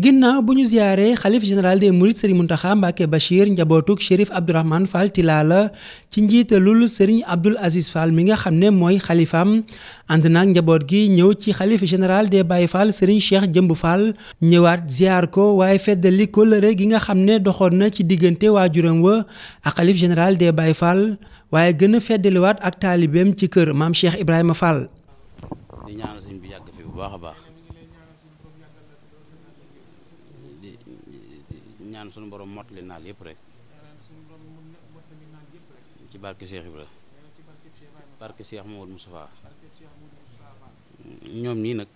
ginnaaw bu ñu ziyaare xalif général des mourides sëriñ Mountakha Mbacké Bachir njabootuk Chérif Abdourahmane Fall Tilala ci njiitalul sëriñ Abdoul Aziz Fall mi nga xam ne mooy xalifaam ànd naag njaboot gi ñëw ci xalif général des Baye Fall sëriñ Cheikh Jëmb Fall ñëwaat ziar ko waaye feddali kóllëre gi nga xam ne doxoon na ci diggante waajuram wa ak xalif général des Baye Fall waaye gën a feddaliwaat ak taalibeem ci kër maam Cheikh Ibrahima Fall. ñaan sunu borom mottali naal yëpp rek. ci barke Cheikh Ibra. barke Cheikh Mamadou Moustapha. ñoom ñii nag.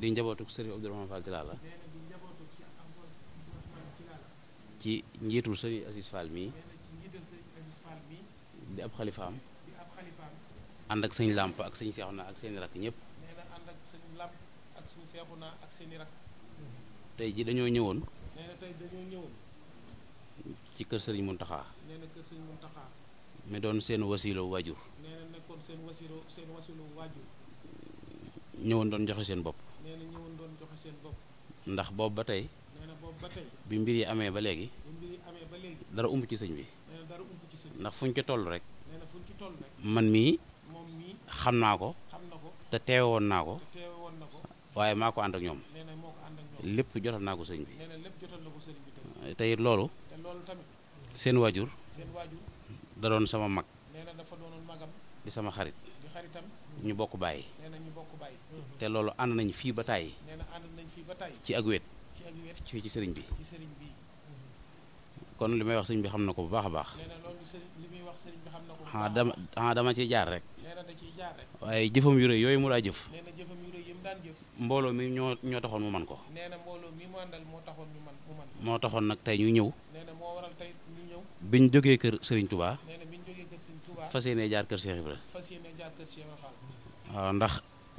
di njabootuk Serigne Abdourahmane Fall Tilala. ci njiitul Serigne Aziz Fall mii. di ab xalifaam. ànd ak sëñ làmp ak sëñ Seexuna ak seen rakk ñëpp. ak sëñ làmp ak tey ji dañoo ñëwoon. ci kër Serigne Mountakha. nee mi doon seen wasiilo waajur. nee doon joxe seen bopp. nee na ndax boobu ba tey. bi mbir yi amee ba léegi. dara umb ci sëñ bi. ndax fuñ ci toll rek. ci toll rek. man mii. xam naa ko. xam na ko te teewoon naa ko. waaye maa na ko ànd ak ñoom. lépp jotal naa ko sëñ bi. tey it loolu seen waajur da doon sama mag di sama xarit ñu bokk bàyyi mm-hmm. te loolu ànd nañ fii ba tàyyi ci ak wet ci sëriñ bi mm-hmm. kon li may wax sëriñ bi xam na ko bu baax a baax xanaa ah, ah, dama xanaa dama ciy jaar rek waaye jëfam yu rëy yooyu mu daa jëf mbooloo mi ñoo ñoo taxoon mu man ko. nee na moo taxoon nag tey ñu ñëw. biñ jógee kër Serigne Touba. nee na jaar kër Cheikh Ibra. fas yéenee jaar kër Cheikh Ibra waaw ndax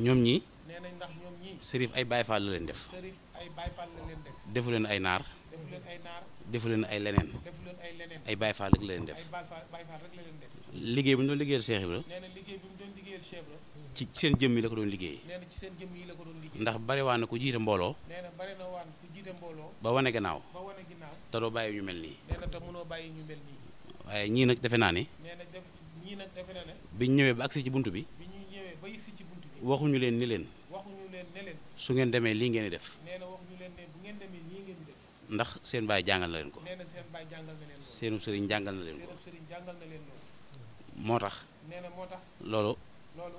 ñoom ñi nee ay Baye Fall la leen def. defu leen ay naar. defu leen ay leneen. ay leneen. ay Baye la leen def. liggéey bi ñu liggéeyal Cheikh liggéey bi mu seen jëmm yi la ko doon liggéey. ndax bari waa na ku jiite mbooloo. nee ba wane gannaaw. ba te doo bàyyi ñu mel nii. nee waaye ñii nag defe naa ne. nee bi ñëwee ba agsi ci bunt bi. bi waxuñu leen ni leen. su ngeen demee lii ngeen di def. ndax seen baay jàngal na leen ko. seenu sëriñ jàngal na leen ko. moo tax. nee loolu. loolu.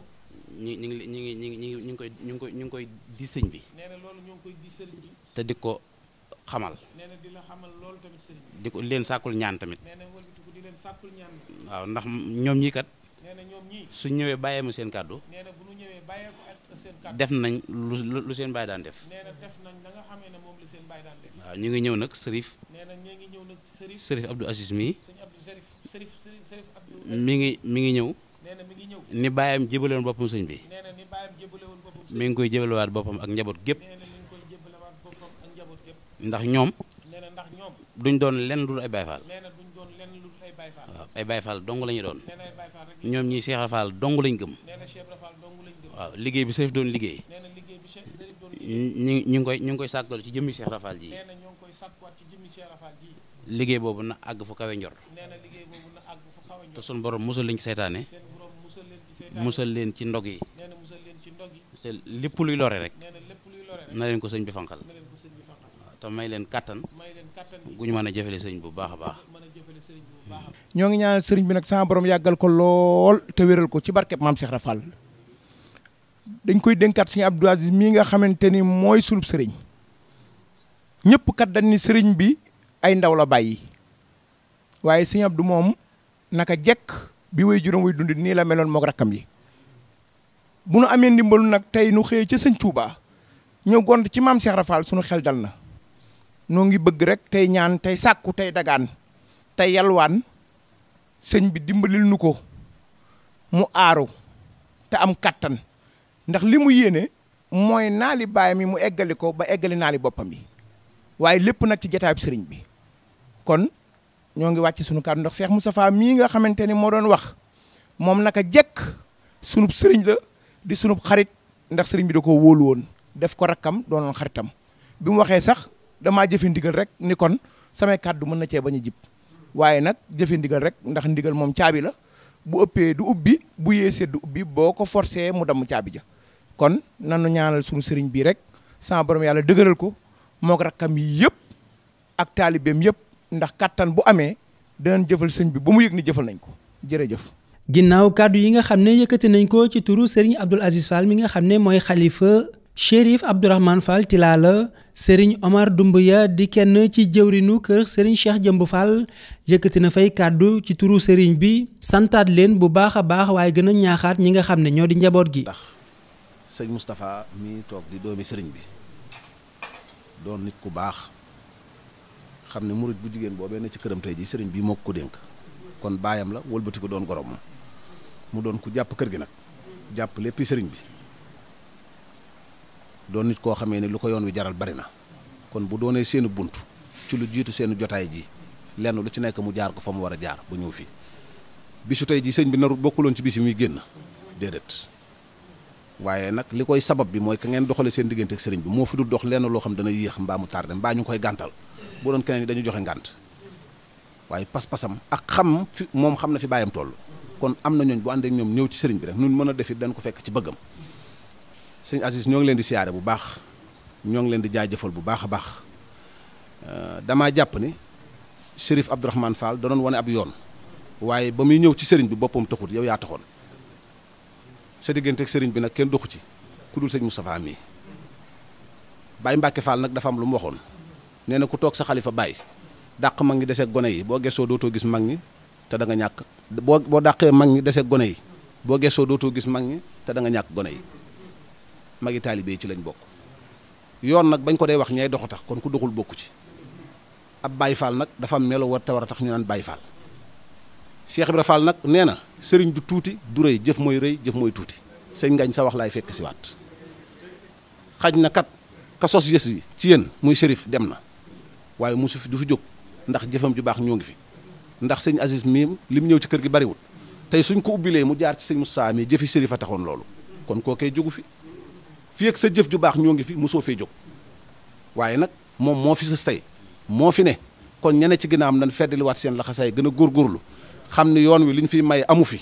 ñi ñu ngi ñu ngi ñu ngi ñu ngi koy koy di sëñ bi. di te di ko xamal. nee na di ko leen sàkkul ñaan tamit. waaw ndax ñoom ñii kat. su ñëwee bàyyee ma seen kàddu def nañ lu seen baay daan def waaw ñu ngi ñëw nag sërif sërif Abdou Aziz mii mi ngi mi ngi ñëw ni bàyyam jébale woon boppam sëñ bi mi ngi koy jébalewaat boppam ak njaboot gépp ndax ñoom duñ doon lenn dul ay Baay waaw ay Baye Fall dong la doon ñoom ñi Cheikh Fall dong lañ gëm waaw liggéey bi Serif doon liggéey ñu ñu ngi koy ñu ngi koy sàkkal ci jëmmi Cheikh Fall ji liggéey boobu na àgg fu kawe njor te sunu boroom musal lañ seytaane musal leen ci ndog yi te lépp luy lore rek na leen ko sëñ bi fanqal te may leen kàttan gu ñu mën a jëfale sëñ bu baax a baax ñoo ngi ñaanal sëriñ bi nag saa boroom yàggal ko lool te wéral ko ci barkeb maam Cheikh Rafal dañ koy dénkaat suñu Abdou Aziz mii nga xamante ni mooy sulub sëriñ ñëpp kat dañ sëriñ bi ay ndaw la bàyyi waaye suñu Abdou moom naka jekk bi way juróom way dundi nii la meloon moog rakkam yi bu nu amee ndimbalu nag tey nu xëyee ca sëñ Touba ñëw gont ci maam Cheikh Rafal sunu xel dal na noo ngi bëgg rek tey ñaan tey sàkku tey dagaan te yalwaan sëñ bi dimbalil nu ko mu aaru te am kàttan ndax li mu yéene mooy naali baay yi mu eggali ko ba eggali naali boppam yi waaye lépp nag ci jataayub sëriñ bi kon ñoo ngi wàcc sunu kàddu ndax mu Moustapha mii nga xamante ni moo doon wax moom naka jekk sunub sëriñ la di sunub xarit ndax sëriñ bi da ko wóolu woon def ko rakkam doonoon xaritam bi mu waxee sax damaa jëfe ndigal rek ni kon samay kàddu mën na cee bañ a jib waaye nag jëfe ndigal rek ndax ndigal moom caabi la bu ëppee du ubbi bu yéesee du ubbi boo ko forcé mu damm caabi ja kon nanu ñaanal suñu sëriñ bi rek sama borom yàlla dëgëral ko moo ko rakkam yi yëpp ak taalibeem yëpp ndax kattan bu amee danañ jëfal sëñ bi ba mu yëg ni jëfal nañ ko jërëjëf. ginnaaw kàddu yi nga xam ne yëkkati nañ ko ci turu sëriñ Abdoul Aziz Fall mi nga xam ne mooy xalifa Chérif Abdourahmane Fall Tilala Serigne Omar ya di kenn ci jëwrinu kër sëriñ Cheikh Jëmb Fall yëkkati na fay kàddu ci turu sëriñ bi santaat leen bu baax a baax waaye gën a ñaaxaat ñi nga xam ne ñoo di njaboot gi. ndax sëñ Moustapha mi toog di doomi Serigne bi doon nit ku baax xam ne murit bu jigéen boobee na ci këram tey ji sëriñ bi moo ko dénk kon baayam la wëlbati ko doon gorom mu doon ku jàpp kër gi nag jàpp léppi sëriñ bi. doon nit koo xamee ne lu ko yoon wi jaral bari na kon bu doonee seeni bunt ci lu jiitu seeni jotaay ji lenn lu ci nekk mu jaar ko fa mu war a jaar bu ñëw fii bisu tey ji sëñ bi narut bokkuloon ci bis yi muy génn déedéet waaye nag li koy sabab bi mooy ka ngeen doxale seen diggante ak sëriñ bi moo fi dul dox lenn loo xam dana yéex mbaa mu tardé mbaa ñu koy gàntal bu doon keneen dañu joxe ngànt waaye pas-pasam ak xam fi moom xam na fi bàyyam toll kon am na ñooñ bu ànd ñoom ñëw ci sëriñ bi rek nun mën a defit dañ ko fekk ci bëggam sëñ Aziz ñoo ngi leen di siyaare bu baax ñoo ngi leen di jaajëfal bu baax a baax euh, damaa jàpp ni Chérif Abdourahmane Fall da doon wane ab yoon waaye ba muy ñëw ci sëriñ bi boppam taxut yow yaa taxoon sa diggante ak sëriñ bi nag kenn doxu ci ku dul sëñ Moustapha mii Baye Mbacke Fall nag dafa am lu mu waxoon nee na ku toog sa xalifa baay dàq mag ñi desee gone yi boo gestoo dootoo gis mag ñi te da nga ñàkk boo boo dàqee mag ñi desee gone yi boo gestoo dootoo gis mag ñi te da nga ñàkk gone yi magi taalibe ci lañ bokk yoon nag bañ ko dee wax ñay dox tax kon ku doxul bokku ci ab Baay Faal nag dafa am melo war te war a tax ñu naan Baay Faal Cheikh Ibra Fall nag nee na sëriñ du tuuti du rëy jëf mooy rëy jëf mooy tuuti sëñ ngañ sa wax laay fekk si waat xaj na kat ka sos yës yi ci yéen muy shérif dem na waaye mosu du fi jóg ndax jëfam ju baax ñoo ngi fi ndax sëñ Aziz mii li mu ñëw ci kër gi bariwul tey suñ ko ubbilee mu jaar ci sëñ Moussa mii jëfi shérif a taxoon loolu kon fi fii ak sa jëf ju baax ñoo ngi fi mosoo fee jóg waaye nag moom moo fi sës tey moo fi ne kon ñene ci ginnaawam dañ feddaliwaat seen laxasaay gën a góorgóorlu xam ni yoon wi li ñu fiy may amu fi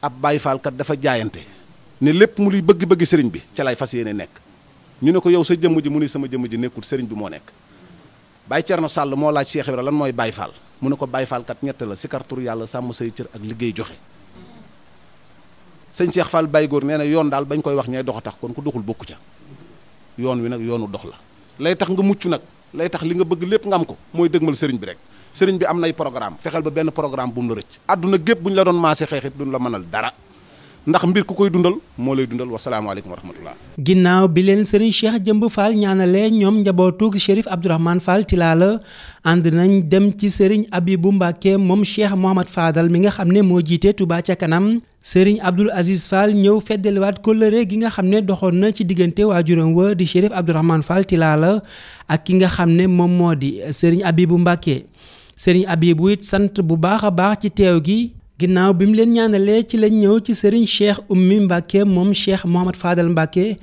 ab Baay Faal dafa jaayante ne lépp mu luy bëgg-bëgg sëriñ bi ca lay fas yéene nekk ñu ne ko yow sa jëmm ji mu ni sama jëmm ji nekkul sëriñ bi moo nekk Baay na Sàll moo laaj Cheikh Ibra lan mooy Baay Faal mu ne ko Baay Faal kat ñett la sikar tur sàmm say ak liggéey joxe sëñ Cheikh Fall Baye Góor nee na yoon daal bañ koy wax ñay dox tax kon ku doxul bokku ca yoon wi nag yoonu dox la lay tax nga mucc nag lay tax li nga bëgg lépp nga am ko mooy dëgmal sëriñ bi rek sëriñ bi am nay programme fexeel ba benn programme bu mu la rëcc àdduna gépp bu ñu la doon maase xeexit duñ la mënal dara ndax mbir ku koy dundal moo lay dundal wasalaamaaleykum wa rahmatullah ginnaaw bi leen sëriñ Cheikh Jëmb Fall ñaanalee ñoom njabootu Chérif Abdourahmane Fall Tilala ànd nañ dem ci sëriñ bu Mbacke moom Cheikh Mohamad Fadal mi nga xam ne moo jiitee tubaa ca kanam sëriñ Abdoul Aziz Fall ñëw feddaliwaat kóllëre gi nga xam ne doxoon na ci diggante waajuram wa di Chérif Abdourahmane Fall Tilala ak ki nga xam ne moom moo di sëriñ Abibou Mbacke sëriñ Abibou it sant bu baax a baax ci teew gi. ginnaaw bi mu leen ñaanalee ci lañ ñëw ci sëriñ cheikh ummi Mbacke moom cheikh Mohamad Fadal Mbacke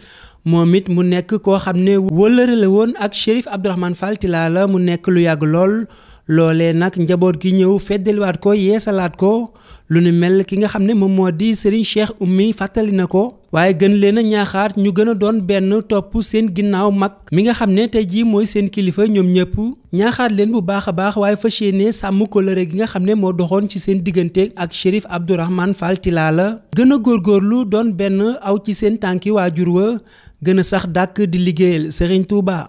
moom it mu nekk koo xam ne wëllëre woon ak shérif Abdourahmane Fall Tilala mu nekk lu yàgg lool loole nag njaboot gi ñëw feddaliwaat ko yeesalaat ko lu ne mel ki nga xam ne moom moo di sëriñ cheikh ummi fàttali na ko waaye gën leen a ñaaxaar ñu gën a doon benn topp seen ginnaaw mag mi nga xam ne tey jii mooy seen kilifa ñoom ñëpp ñaaxaar leen bu baax a baax waaye fas yéene sàmm kóllëre gi nga xam ne moo doxoon ci seen diggante ak Chérif Abdourahmane Fall Tilala gën a góorlu doon benn aw ci seen tànki waajur wa gën a sax dàkk di liggéeyal Serigne Touba.